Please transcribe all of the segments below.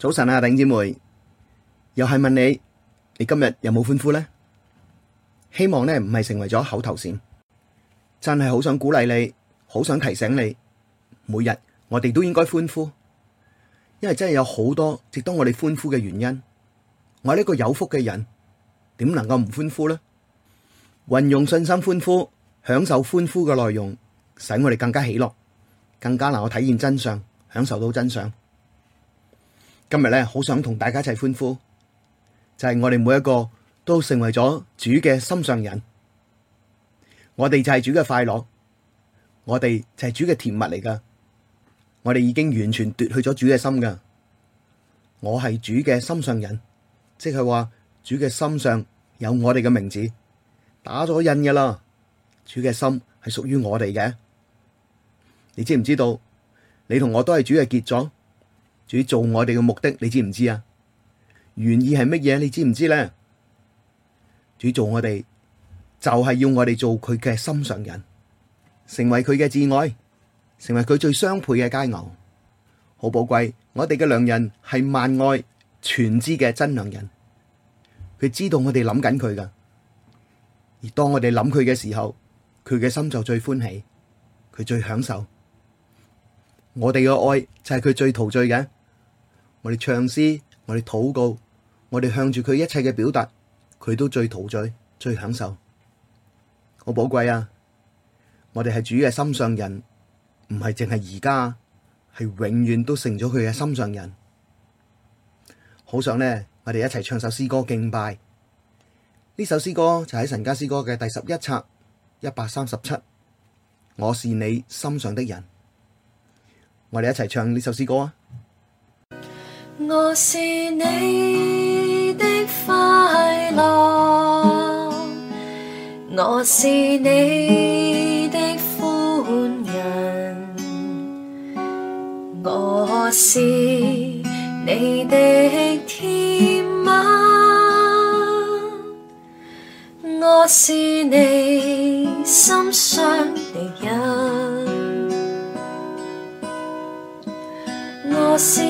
早晨啊，頂姐妹，又係問你，你今日有冇歡呼呢？希望呢唔係成為咗口頭禪，真係好想鼓勵你，好想提醒你，每日我哋都應該歡呼，因為真係有好多，值得我哋歡呼嘅原因。我係一個有福嘅人，點能夠唔歡呼呢？運用信心歡呼，享受歡呼嘅內容，使我哋更加喜樂，更加能夠體驗真相，享受到真相。今日咧，好想同大家一齊歡呼，就係、是、我哋每一個都成為咗主嘅心上人。我哋就係主嘅快樂，我哋就係主嘅甜蜜嚟噶。我哋已經完全奪去咗主嘅心噶。我係主嘅心上人，即係話主嘅心上有我哋嘅名字，打咗印噶啦。主嘅心係屬於我哋嘅。你知唔知道？你同我都係主嘅傑作。主做我哋嘅目的，你知唔知啊？原意係乜嘢？你知唔知咧？主做我哋就係要我哋做佢嘅心上人，成為佢嘅至愛，成為佢最相配嘅佳偶。好寶貴，我哋嘅良人係萬愛全知嘅真良人，佢知道我哋諗緊佢㗎。而當我哋諗佢嘅時候，佢嘅心就最歡喜，佢最享受。我哋嘅愛就係佢最陶醉嘅。我哋唱詩，我哋禱告，我哋向住佢一切嘅表達，佢都最陶醉，最享受。好寶貴啊！我哋係主嘅心上人，唔係淨係而家，係永遠都成咗佢嘅心上人。好想咧，我哋一齊唱首詩歌敬拜。呢首詩歌就喺《神家詩歌》嘅第十一冊一百三十七。我是你心上的人。我哋一齊唱呢首詩歌啊！我是你的快樂，我是你的歡欣，我是你嘅甜蜜，我是你心上的人，我是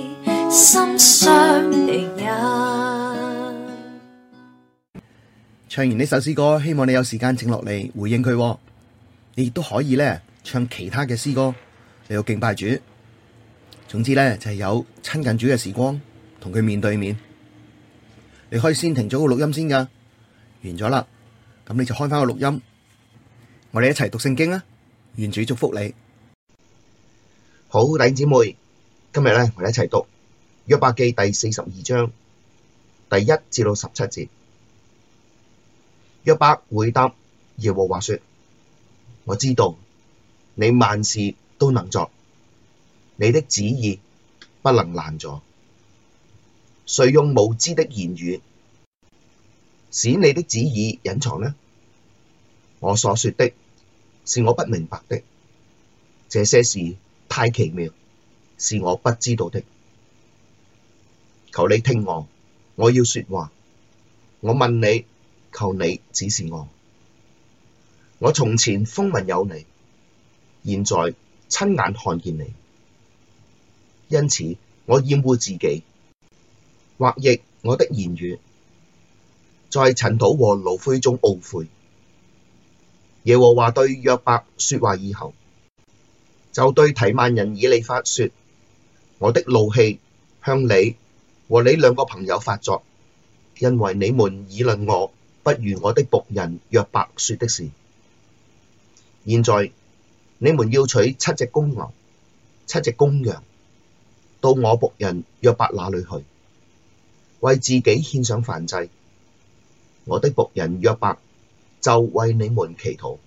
唱完呢首詩歌，希望你有時間靜落嚟，回應佢。你亦都可以咧唱其他嘅詩歌，你又敬拜主。總之咧就係、是、有親近主嘅時光，同佢面對面。你可以先停咗個錄音先噶，完咗啦，咁你就開翻個錄音，我哋一齊讀聖經啊！願主祝福你。好，弟兄姊妹，今日咧我哋一齊讀。約伯記第四十二章第一至到十七節，約伯回答耶和華說：我知道你萬事都能作，你的旨意不能攔阻。誰用無知的言語使你的旨意隱藏呢？我所說的，是我不明白的；這些事太奇妙，是我不知道的。求你聽我，我要說話。我問你，求你指示我。我從前風聞有你，現在親眼看見你，因此我厭惡自己，或譯我的言語，在塵土和爐灰中懊悔。耶和華對約伯說話以後，就對提幔人以利法說：我的怒氣向你和你兩個朋友發作，因為你們議論我，不如我的僕人約伯說的是：「現在你們要取七隻公牛、七隻公羊到我僕人約伯那裏去，為自己獻上燔祭。我的僕人約伯就為你們祈禱，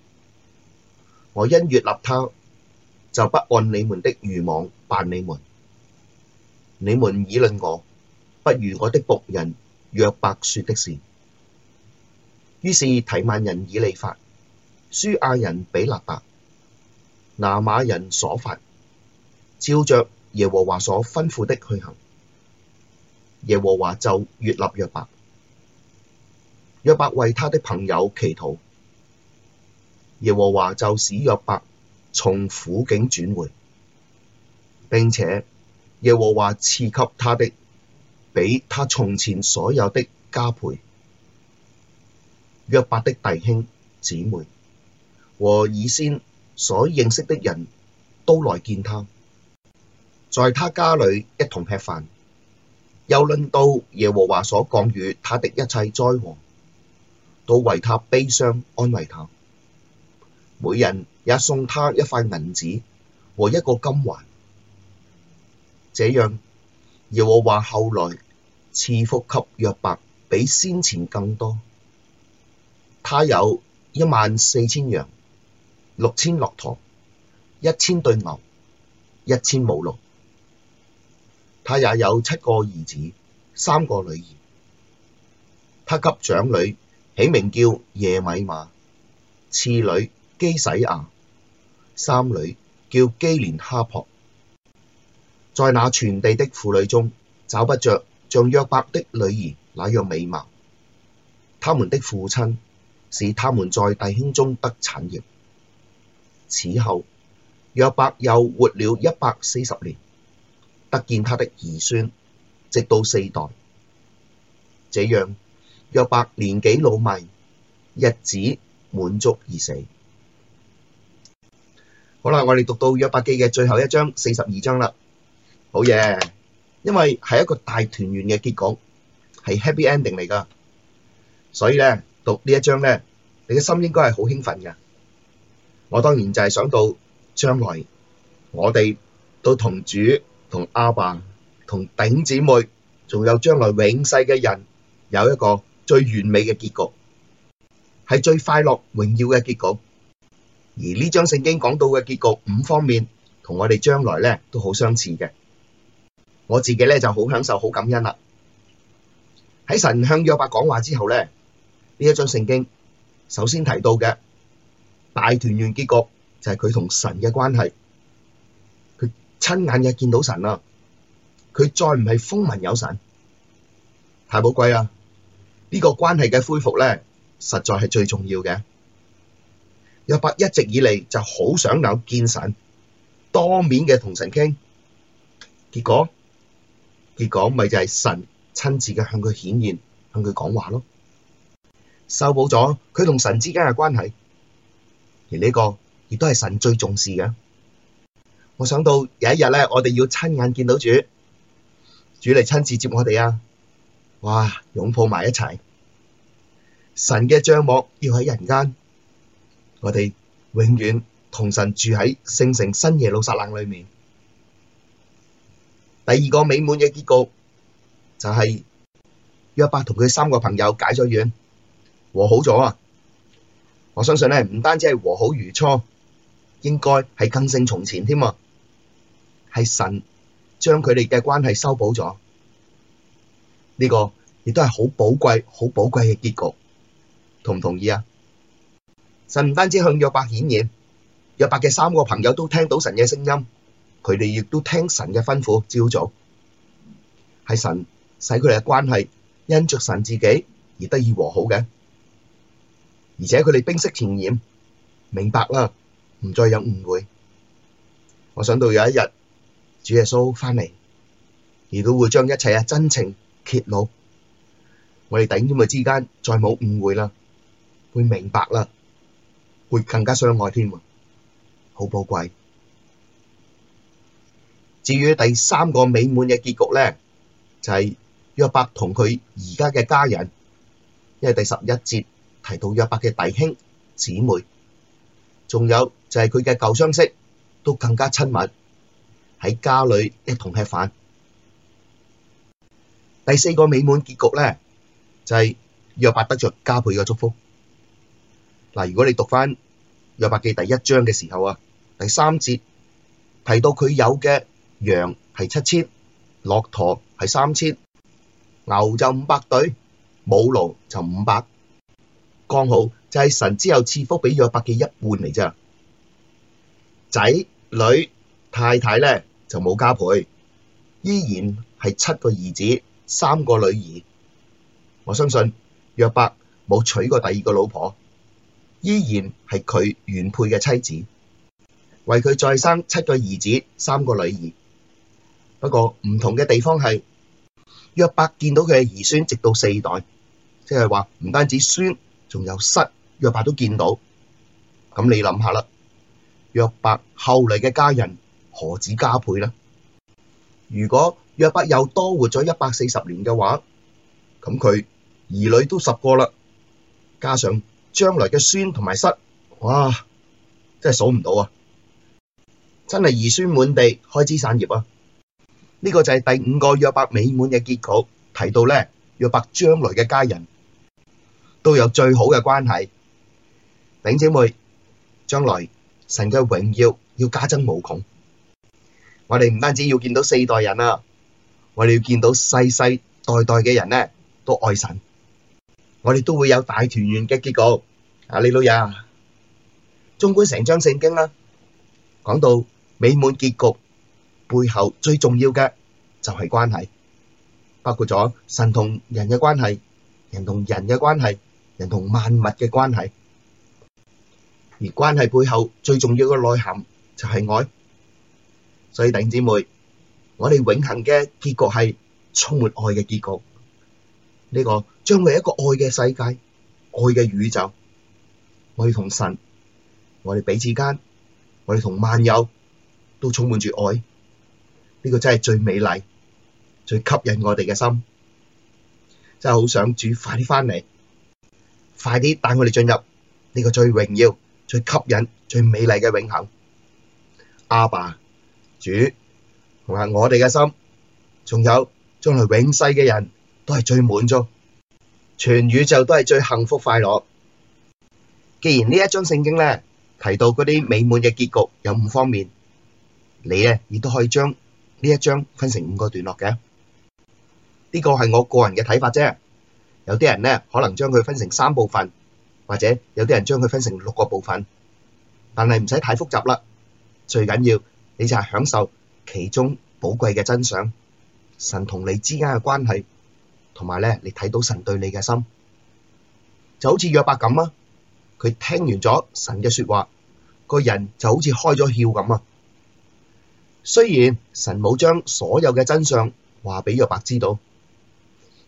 我因悅納他，就不按你們的愚妄辦你們。你們議論我，不如我的僕人約伯說的是。於是提幔人以利法、書亞人比勒達、拿瑪人瑣法，照着耶和華所吩咐的去行。耶和華就悅納約伯。約伯為他的朋友祈禱，耶和華就使約伯從苦境轉回，並且耶和華賜給他的，比他從前所有的加倍。約伯的弟兄姊妹、和以先所認識的人都來見他，在他家裡一同吃飯，又論到耶和華所降與他的一切災禍，都為他悲傷安慰他，每人也送他一塊銀子和一個金環，這樣耶和華後來。賜福給約伯，若白比先前更多。他有一萬四千羊，六千駱駝，一千對牛，一千母驢。他也有七個兒子，三個女兒。他給長女起名叫耶米瑪，次女基洗亞，三女叫基連哈樸。在那全地的婦女中，找不着。像約伯的女兒那樣美貌，他們的父親使他們在弟兄中得產業。此後，約伯又活了一百四十年，得見他的兒孫，直到四代。這樣，約伯年紀老邁，日子滿足而死。好啦，我哋讀到約伯記嘅最後一章四十二章啦。好嘢。因為係一個大團圓嘅結果，係 Happy Ending 嚟噶，所以咧讀呢一章咧，你嘅心應該係好興奮嘅。我當然就係想到將來我哋都同主、同阿爸、同頂姊妹，仲有將來永世嘅人，有一個最完美嘅結局，係最快樂、榮耀嘅結局。而呢章聖經講到嘅結局五方面，同我哋將來咧都好相似嘅。我自己咧就好享受、好感恩啦。喺神向約伯講話之後咧，呢一章聖經首先提到嘅大團圓結局就係佢同神嘅關係，佢親眼嘅見到神啊。佢再唔係風聞有神，太寶貴啦！呢、這個關係嘅恢復咧，實在係最重要嘅。約伯一直以嚟就好想有見神，當面嘅同神傾，結果結果咪就係神親自嘅向佢顯現，向佢講話咯，修補咗佢同神之間嘅關係，而呢個亦都係神最重視嘅。我想到有一日咧，我哋要親眼見到主，主嚟親自接我哋啊！哇，擁抱埋一齊。神嘅帳幕要喺人間，我哋永遠同神住喺聖城新耶路撒冷裏面。第二個美滿嘅結局就係、是、約伯同佢三個朋友解咗怨，和好咗啊！我相信咧，唔單止係和好如初，應該係更勝從前添啊！係神將佢哋嘅關係修補咗，呢、這個亦都係好寶貴、好寶貴嘅結局，同唔同意啊？神唔單止向約伯顯現，約伯嘅三個朋友都聽到神嘅聲音。佢哋亦都聽神嘅吩咐，朝早係神使佢哋嘅關係因着神自己而得以和好嘅，而且佢哋冰釋前嫌，明白啦，唔再有誤會。我想到有一日，主耶穌翻嚟，亦都會將一切嘅真情揭露，我哋突然之間再冇誤會啦，會明白啦，會更加相愛添啊，好寶貴。至於第三個美滿嘅結局咧，就係約伯同佢而家嘅家人，因為第十一節提到約伯嘅弟兄姊妹，仲有就係佢嘅舊相識都更加親密喺家裏一同吃飯。第四個美滿結局咧，就係約伯得著加倍嘅祝福。嗱，如果你讀返約伯記第一章嘅時候啊，第三節提到佢有嘅。羊係七千，駱駝係三千，牛就五百對，母驢就五百，剛好就係神之後賜福俾約伯嘅一半嚟咋。仔女太太咧就冇加倍，依然係七個兒子，三個女兒。我相信約伯冇娶過第二個老婆，依然係佢原配嘅妻子，為佢再生七個兒子，三個女兒。不過唔同嘅地方係約伯見到佢嘅兒孫直到四代，即係話唔單止孫，仲有失，約伯都見到。咁你諗下啦，約伯後嚟嘅家人何止加倍呢？如果約伯又多活咗一百四十年嘅話，咁佢兒女都十個啦，加上將來嘅孫同埋失，哇，真係數唔到啊！真係兒孫滿地，開枝散葉啊！呢個就係第五個約伯美滿嘅結局，提到咧約伯將來嘅家人都有最好嘅關係。頂姐妹，將來神嘅榮耀要加增無窮。我哋唔單止要見到四代人啊，我哋要見到世世代代嘅人咧都愛神，我哋都會有大團圓嘅結局。阿里路亞，縱觀成張聖經啦，講到美滿結局。背後最重要嘅就係關係，包括咗神同人嘅關係，人同人嘅關係，人同萬物嘅關係。而關係背後最重要嘅內涵就係愛，所以弟兄姊妹，我哋永恒嘅結局係充滿愛嘅結局。呢個將會是一個愛嘅世界、愛嘅宇宙。我哋同神、我哋彼此間、我哋同萬有都充滿住愛。呢個真係最美麗、最吸引我哋嘅心，真係好想主快啲返嚟，快啲帶我哋進入呢個最榮耀、最吸引、最美麗嘅永恒。阿爸、主同埋我哋嘅心，仲有將來永世嘅人，都係最滿足，全宇宙都係最幸福快樂。既然呢一章聖經咧提到嗰啲美滿嘅結局有五方面，你咧亦都可以將。呢一章分成五個段落嘅，呢個係我個人嘅睇法啫。有啲人咧可能將佢分成三部分，或者有啲人將佢分成六個部分，但係唔使太複雜啦。最緊要你就係享受其中寶貴嘅真相，神同你之間嘅關係，同埋咧你睇到神對你嘅心，就好似約伯咁啊！佢聽完咗神嘅說話，個人就好似開咗竅咁啊！雖然神冇將所有嘅真相話畀約伯知道，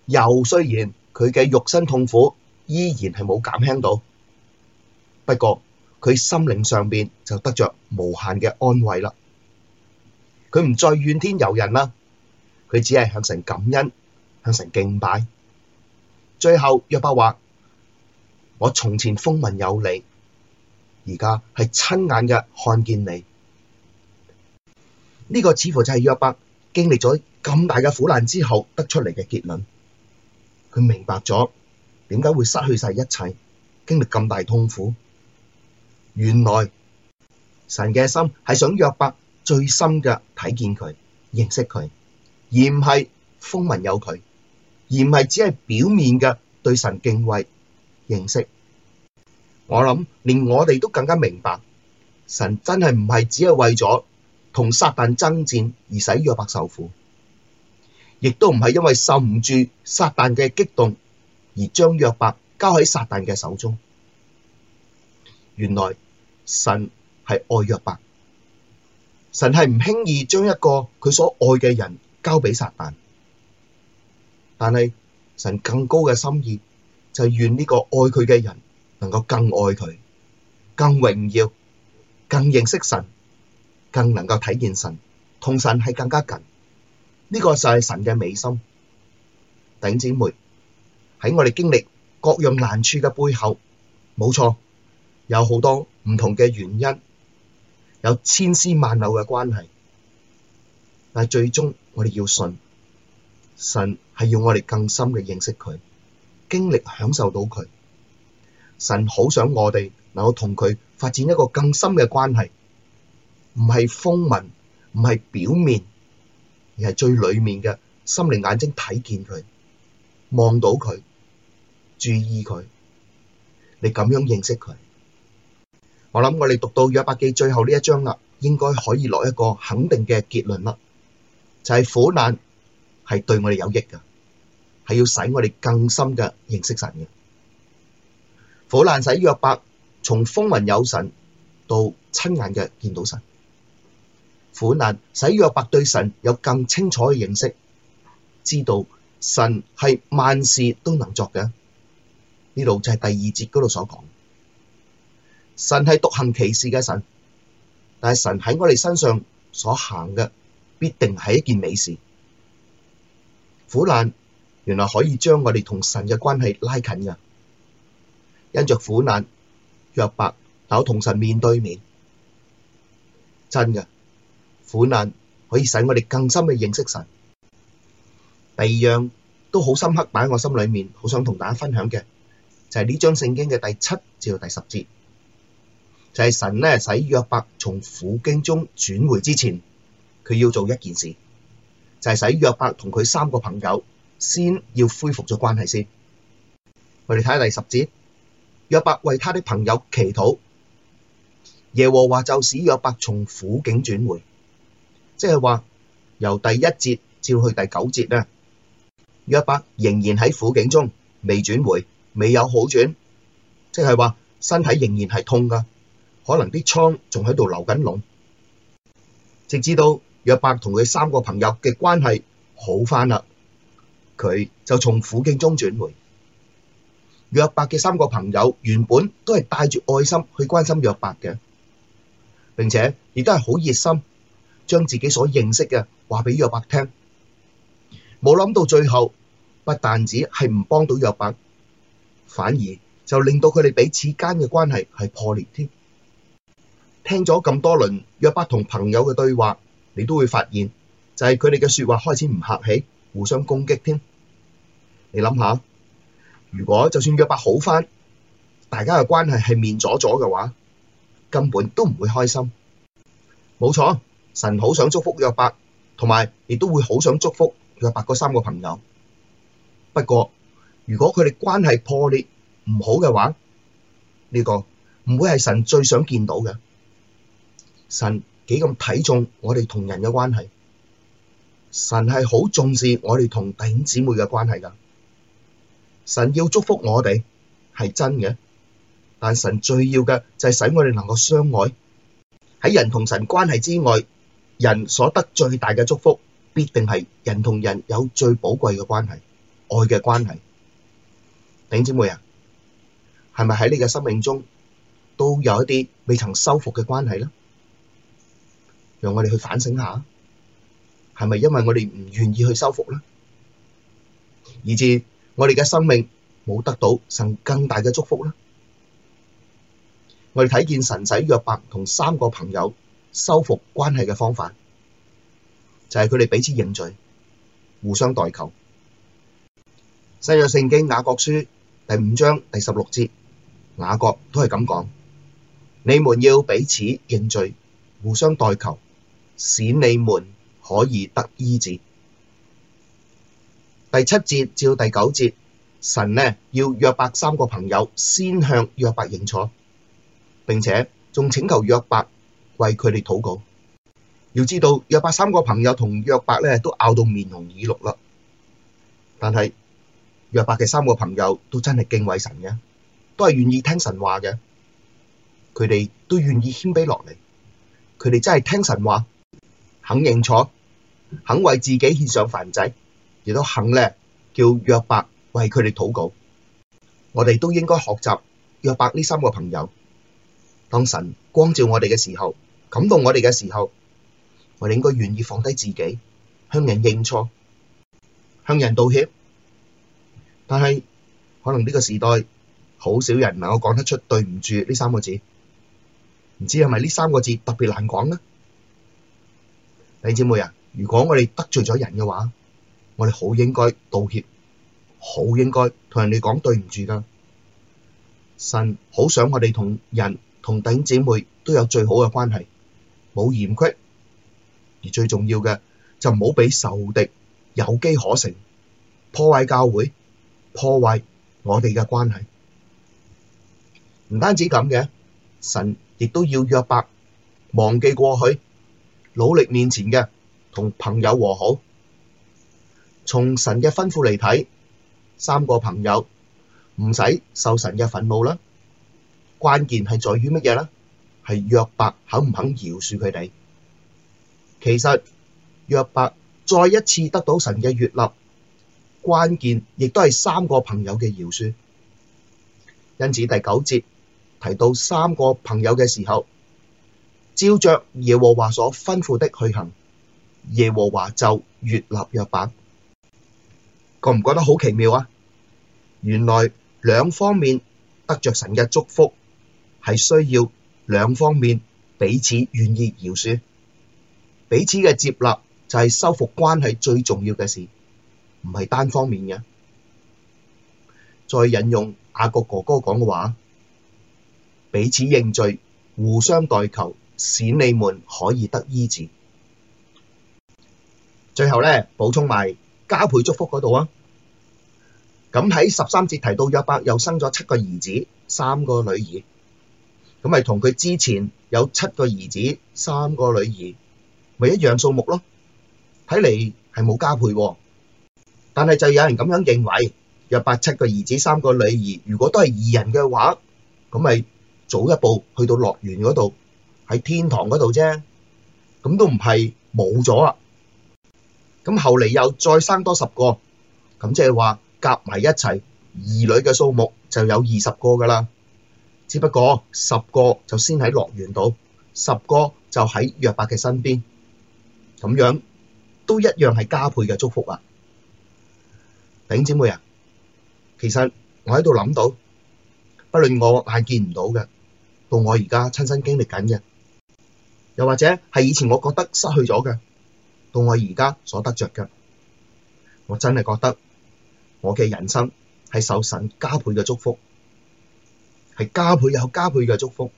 又雖然佢嘅肉身痛苦依然係冇減輕到，不過佢心靈上邊就得着無限嘅安慰啦。佢唔再怨天尤人啦，佢只係向神感恩，向神敬拜。最後約伯話：我從前風聞有你，而家係親眼嘅看見你。呢個似乎就係約伯經歷咗咁大嘅苦難之後得出嚟嘅結論。佢明白咗點解會失去晒一切，經歷咁大痛苦。原來神嘅心係想約伯最深嘅睇見佢，認識佢，而唔係風聞有佢，而唔係只係表面嘅對神敬畏認識。我諗連我哋都更加明白，神真係唔係只係為咗。同撒旦爭戰而使約伯受苦，亦都唔係因為受唔住撒旦嘅激動而將約伯交喺撒旦嘅手中。原來神係愛約伯，神係唔輕易將一個佢所愛嘅人交俾撒旦，但係神更高嘅心意就係願呢個愛佢嘅人能夠更愛佢，更榮耀，更認識神。更能夠體現神，同神係更加近。呢個就係神嘅美心。弟兄姊妹喺我哋經歷各樣難處嘅背後，冇錯有好多唔同嘅原因，有千絲萬縷嘅關係。但係最終我哋要信，神係要我哋更深嘅認識佢，經歷享受到佢。神好想我哋能夠同佢發展一個更深嘅關係。唔係風聞，唔係表面，而係最裏面嘅心靈眼睛睇見佢，望到佢，注意佢，你咁樣認識佢。我諗我哋讀到約伯記最後呢一章啦，應該可以落一個肯定嘅結論啦，就係苦難係對我哋有益㗎，係要使我哋更深嘅認識神嘅。苦難使約伯從風聞有神到親眼嘅見到神。苦難使約伯對神有更清楚嘅認識，知道神係萬事都能作嘅。呢度就係第二節嗰度所講，神係獨行其事嘅神，但係神喺我哋身上所行嘅必定係一件美事。苦難原來可以將我哋同神嘅關係拉近㗎，因着苦難，約伯有同神面對面，真嘅。苦難可以使我哋更深嘅認識神。第二樣都好深刻擺喺我心裏面，好想同大家分享嘅就係呢章聖經嘅第七至到第十節，就係神呢，使約伯從苦境中轉回之前，佢要做一件事，就係使約伯同佢三個朋友先要恢復咗關係先。我哋睇下第十節，約伯為他的朋友祈禱，耶和華就使約伯從苦境轉回。即係話由第一節照去第九節啊，約伯仍然喺苦境中，未轉回，未有好轉。即係話身體仍然係痛㗎，可能啲瘡仲喺度流緊膿，直至到約伯同佢三個朋友嘅關係好返啦，佢就從苦境中轉回。約伯嘅三個朋友原本都係帶住愛心去關心約伯嘅，並且亦都係好熱心。將自己所認識嘅話俾約伯聽，冇諗到最後不但止係唔幫到約伯，反而就令到佢哋彼此間嘅關係係破裂添。聽咗咁多輪約伯同朋友嘅對話，你都會發現就係佢哋嘅説話開始唔客氣，互相攻擊添。你諗下，如果就算約伯好返，大家嘅關係係面阻阻嘅話，根本都唔會開心。冇錯。神好想祝福約伯，同埋亦都會好想祝福約伯嗰三個朋友。不過如果佢哋關係破裂唔好嘅話，呢個唔會係神最想見到嘅。神幾咁睇重我哋同人嘅關係，神係好重視我哋同弟兄姊妹嘅關係噶。神要祝福我哋係真嘅，但神最要嘅就係使我哋能夠相愛。喺人同神關係之外。人所得最大嘅祝福，必定係人同人有最寶貴嘅關係，愛嘅關係。頂姐妹啊，係咪喺你嘅生命中都有一啲未曾修復嘅關係呢？讓我哋去反省下，係咪因為我哋唔願意去修復呢？以致我哋嘅生命冇得到神更大嘅祝福呢？我哋睇見神仔約伯同三個朋友。修復關係嘅方法就係佢哋彼此認罪、互相代求。新約聖經雅各書第五章第十六節，雅各都係咁講：你們要彼此認罪、互相代求，使你們可以得醫治。第七節至第九節，神呢要約伯三個朋友先向約伯認錯，並且仲請求約伯。為佢哋禱告。要知道，約伯三個朋友同約伯咧都拗到面紅耳綠啦。但係約伯嘅三個朋友都真係敬畏神嘅，都係願意聽神話嘅。佢哋都願意謙卑落嚟，佢哋真係聽神話，肯認錯，肯為自己獻上燔祭，亦都肯咧叫約伯為佢哋禱告。我哋都應該學習約伯呢三個朋友，當神光照我哋嘅時候。感動我哋嘅時候，我哋應該願意放低自己，向人認錯，向人道歉。但係可能呢個時代好少人能夠講得出對唔住呢三個字，唔知係咪呢三個字特別難講呢？弟姊妹啊，如果我哋得罪咗人嘅話，我哋好應該道歉，好應該同人哋講對唔住噶。神好想我哋同人同弟姐妹都有最好嘅關係。冇嚴苛，而最重要嘅就唔好俾仇敵有機可乘，破壞教會，破壞我哋嘅關係。唔單止咁嘅，神亦都要約伯忘記過去，努力面前嘅同朋友和好。從神嘅吩咐嚟睇，三個朋友唔使受神嘅憤怒啦。關鍵係在於乜嘢啦？係約伯肯唔肯饒恕佢哋？其實，約伯再一次得到神嘅悅納，關鍵亦都係三個朋友嘅饒恕。因此第九節，兩方面彼此願意饒恕，彼此嘅接納就係修復關係最重要嘅事，唔係單方面嘅。再引用雅各哥哥講嘅話：彼此認罪，互相代求，使你們可以得醫治。最後呢，補充埋加倍祝福嗰度啊。咁喺十三節提到約伯又生咗七個兒子，三個女兒。咁咪同佢之前有七個兒子三個女兒，咪一樣數目咯？睇嚟係冇加配喎，但係就有人咁樣認為有八七個兒子三個女兒，如果都係二人嘅話，咁咪早一步去到樂園嗰度喺天堂嗰度啫。咁都唔係冇咗啊！咁後嚟又再生多十個，咁即係話夾埋一齊，兒女嘅數目就有二十個㗎啦。只不過十個就先喺樂園度，十個就喺約伯嘅身邊，咁樣都一樣係加倍嘅祝福啊！頂姐妹啊，其實我喺度諗到，不論我眼見唔到嘅，到我而家親身經歷緊嘅，又或者係以前我覺得失去咗嘅，到我而家所得着嘅，我真係覺得我嘅人生係受神加倍嘅祝福。係加倍有加倍嘅祝福，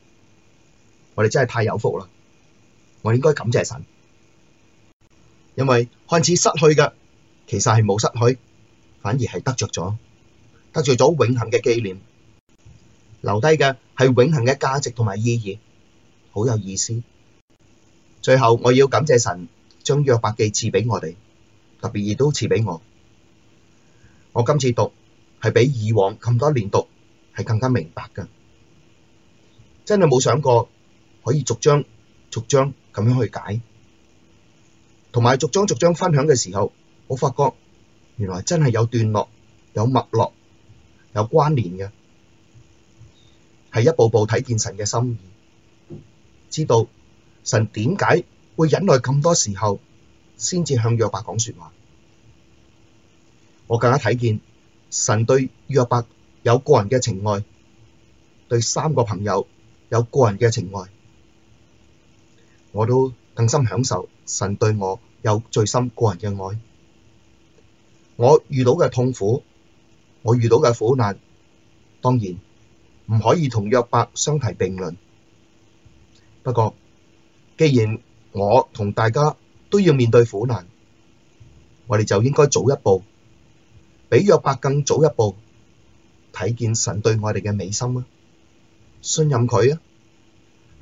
我哋真係太有福啦！我應該感謝神，因為看似失去嘅，其實係冇失去，反而係得着咗，得着咗永恒嘅紀念，留低嘅係永恒嘅價值同埋意義，好有意思。最後我要感謝神將約伯記賜畀我哋，特別亦都賜畀我。我今次讀係比以往咁多年讀，係更加明白㗎，真係冇想過可以逐章逐章咁樣去解，同埋逐章逐章分享嘅時候，我發覺原來真係有段落、有脈絡、有關聯嘅，係一步步睇見神嘅心意，知道神點解會忍耐咁多時候先至向約伯講說話，我更加睇見神對約伯有個人嘅情愛，對三個朋友有個人嘅情愛，我都更深享受神對我有最深個人嘅愛。我遇到嘅痛苦，我遇到嘅苦難，當然唔可以同約伯相提並論。不過，既然我同大家都要面對苦難，我哋就應該早一步，比約伯更早一步。睇見神對我哋嘅美心啦，信任佢啊，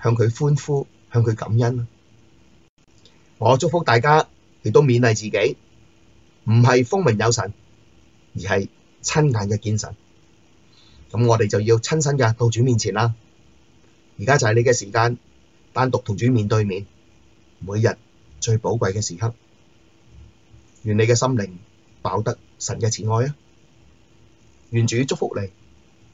向佢歡呼，向佢感恩啊！我祝福大家，亦都勉勵自己，唔係風聞有神，而係親眼嘅見神。咁我哋就要親身嘅到主面前啦。而家就係你嘅時間，單獨同主面對面，每日最寶貴嘅時刻。願你嘅心靈飽得神嘅慈愛啊！願主祝福你。